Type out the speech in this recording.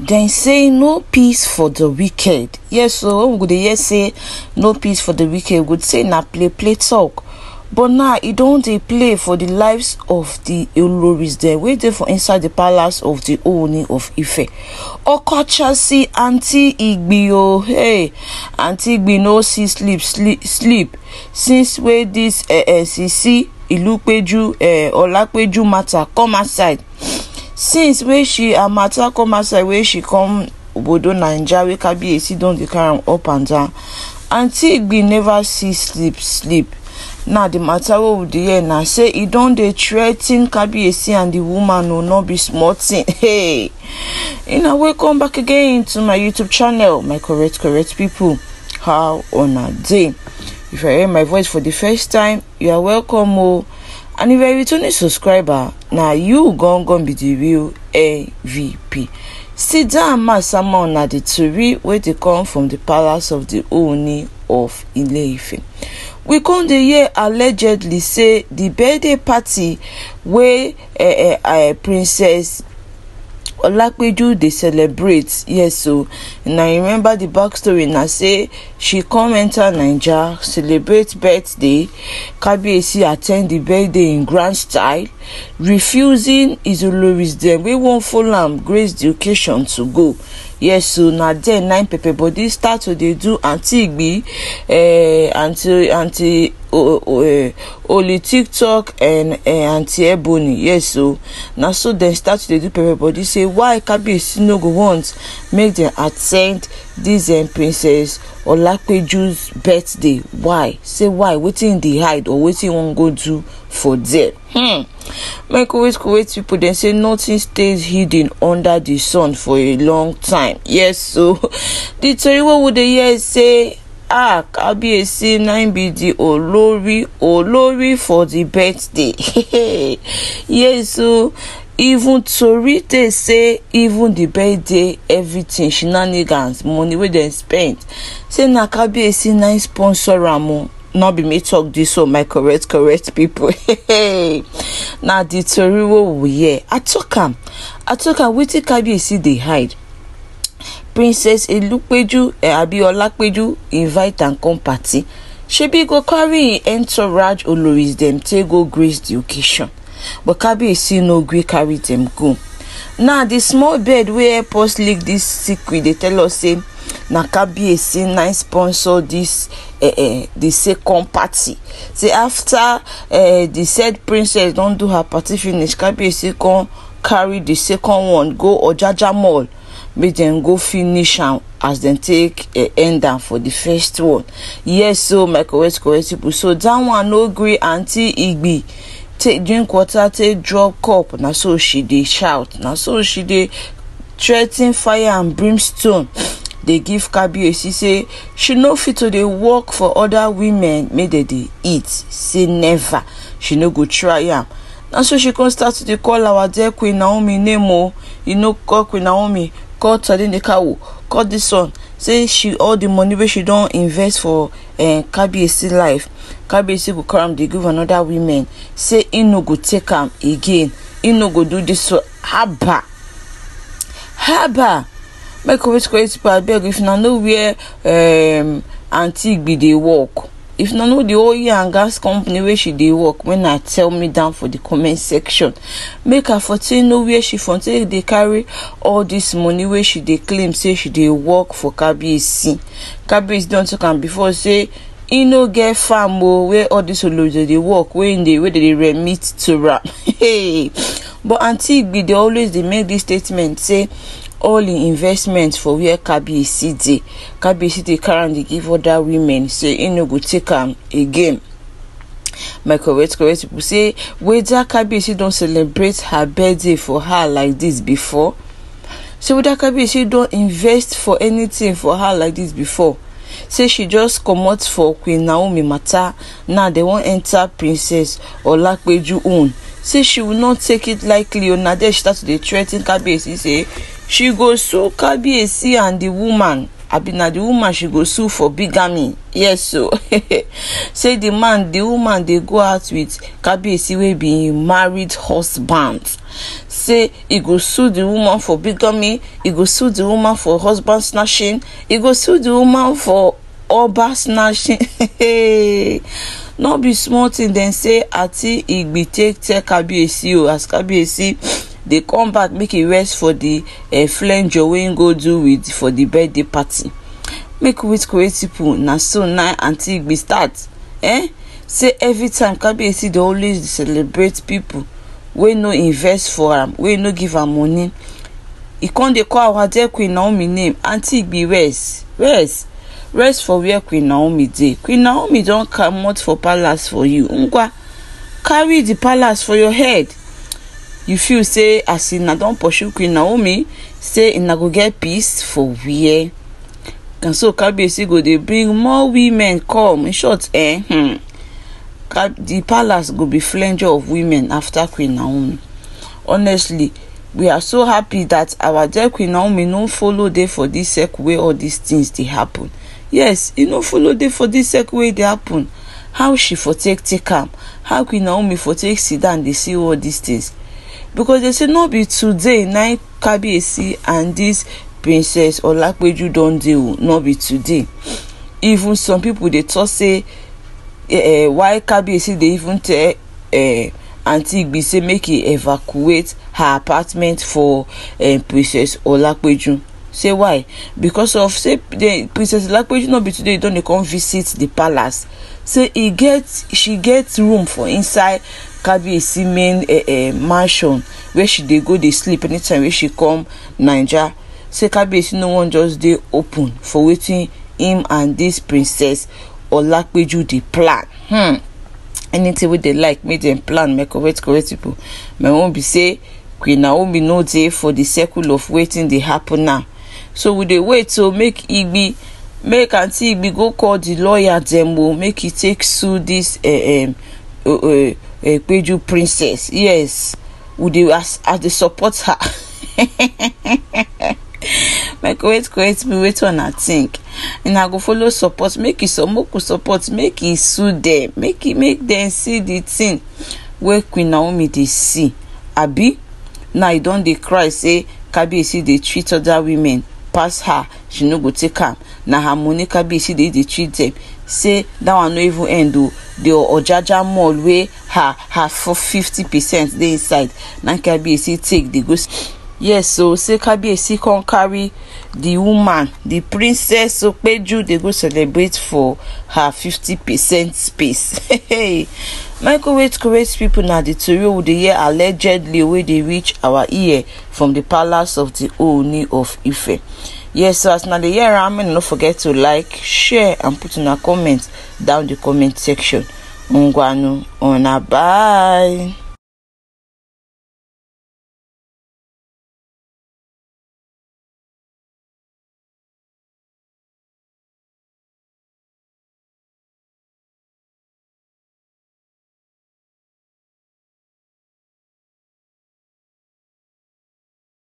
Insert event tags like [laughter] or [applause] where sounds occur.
Then say no peace for the wicked yes so when we go dey hear say no peace for the wicked we would say na play play talk but now it e don't dey play for the lives of the oloris there. wey dey for inside the palace of the owner of ife okochasi see igbi o hey aunty igbi no see sleep sleep sleep since wey dis uh, uh, sisi ilupeju uh, olapeju matter come outside since wey she and mata come outside wey she come obodo naija wey kabiyesi don dey carry am up and down aunty igbin never see sleep sleep Now the mata wey we dey hear na say e don dey threa ten kabiyesi and the woman o oh, no be small tin [laughs] hey una welcome back again to my youtube channel my correct correct people. how una dey if I hear my voice for the first time you are welcome o oh. and if you are a returning subscriber na you gangan be the real avp sidan masamau na di tori wey dey come from the palace of the ooni of ileife we come dey hear allegedly say the birthday party wey uh, uh, uh, princess Olakpeju dey celebrate yes so una remember the backstory na say she come enter naija celebrate birthday kabiyesi at ten d the birthday in grand style refusing his oloris dem wey wan follow am grace the occasion to go yes o na there nine pepper but this start to dey do aunty igbi uh, aunty aunty oh, eh, oh, uh, only tiktok and uh, aunty ebony yes o na so dem start to dey do pepper body say why kabiyesi no go want make dem at ten d this um, princess olapeju's birthday why say why wetin e dey hide or wetin e wan go do for there. Hmm. Microwaves kuwait people dem say nothing stays hidden under the sun for a long time yes so [laughs] the tori wey we dey hear say ah kábíyèsí nine be the olórí olórí for the birthday [laughs] yes so, even tori dey say even the birthday everything shenanigans money wey dem spend say na kábíyèsí nine sponsor am o not be me talk this so my correct correct people [laughs] hey now the tori wo we i took him. i took talk am wetin see they hide princess elupeju eh, abi olapeju invite and come party She be go carry im entourage oloris them. take go grace the occasion but see no gree carry them go now the small bed wey help us leak this secret They tell us say na kabiyesi nine sponsor this uh, uh, the second party say after uh, the said princess don do her party finish kabiyesi come carry the second one go ojaja mall make dem go finish am as dem take uh, end am for the first one yes so my correct correct people so that one no gree aunty igbi take drink water take drop cup na so she dey shout na so she dey threa ten fire and brimstone dey give kabiyesi say she no fit to dey work for oda women make dem dey eat say never she no go try am na so she come start to dey call our dear queen naomi name o you know call queen naomi call tadenikawo call dis one say she all the money wey she don invest for um, eh, kabiyesi life kabiyesi go carry am dey give another women say he no go take am again He no go do dis so haba haba make always correct people abeg if una know where um, antigbe dey work if na know the oil and gas company wey she dey work when i tell me down for the comment section make her for take know where she from take dey carry all this money wey she dey claim say she dey work for kabiyesi kabiyesi don talk am before say e no get farm o where all this olojo dey work wey dey wey dey remit to am [laughs] hey but aunty igbe dey always dey make this statement say all the investments for where kabiyesi dey kabiyesi dey carry am dey give oda women say e no go take am again my correct correct pipo say weda kabiyesi don celebrate her birthday for her like this before say weda kabiyesi don invest for anything for her like this before say she just comot for queen naomi mata now dem wan enter princess olapeju own say she will not take it likely una there she start to dey threa ten kabiyesi say she go sue kabiyesi and the woman abi na the woman she go sue for bigamy yes so [laughs] say the man the woman dey go out with kabiyesi wey be im married husband say e go sue the woman for bigamy e go sue the woman for husband snatching e go sue the woman for oba snatching [laughs] no be small thing dem say ati igbi take tell kabiyesi o oh, as kabiyesi dey come back make e rest for di uh, eh, flenjo wey im e go do with for di birthday party make we create pipo na so na aunty igbe start eh? say everytime kabiyesi dey always dey celebrate pipo wey no invest for am wey no give am money e come dey call our dear queen naomi name aunty igbe rest rest rest for where queen naomi dey queen naomi don comot for palace for you ngwa carry the palace for your head you feel say as una don pursue queen naomi say una go get peace for where and so kabiyesi go dey bring more women come in short eh hmm, the palace go be flanger of women after queen naomi honestly we are so happy that our dear queen naomi no follow dey for this circle wey all these things dey happen yes e no follow dey for this circle wey dey happen how she for take take am how queen naomi for take sit down dey see all these things because they say no be today na kabiyesi and this princess olapeju don dey o no be today even some people dey talk say uh, why kabiyesi dey even tell uh, aunty igbi say make he evacuate her apartment for uh, princess olapeju say why because of say the princess olapeju no be today don dey come visit the palace say e get she get room for inside kabiyesi main uh, uh, mansion where she dey go dey sleep anytime wey she come naija say kabiyesi no wan just dey open for wetin him and dis princess olapeju dey plan. Hmm. anything wey dey like make dem plan my correct correct pipo my own be say queen naomi no dey for di circle of wetin dey happen now so we dey wait o oh, make igbi make aunty igbi go call di lawyer dem o oh, make e take sue dis uh, eh, um, uh, uh, oh, ekpeju princess yes Would they as as they support her My [laughs] wait wait me wait I think and i go follow support make e moku support make e sue them. make e make them see the thing wey queen naomi dey see abi now e don dey cry say kabiyesi dey treat other women pass her she no go take am na her money kabiyesi dey dey treat them say dat one no even end o the ojaja mall wey her her fifty percent dey inside na kabiyesi take dey go yes o so, say kabiyesi come carry the woman the princess opeju dey go celebrate for her fifty percent space [laughs] michael wait correct people na The tori we dey hear allegedly wey dey reach our ear from the palace of the ooni of ife yes so as now the year am not forget to like share and put in our comment down the comment section ngwanu una bye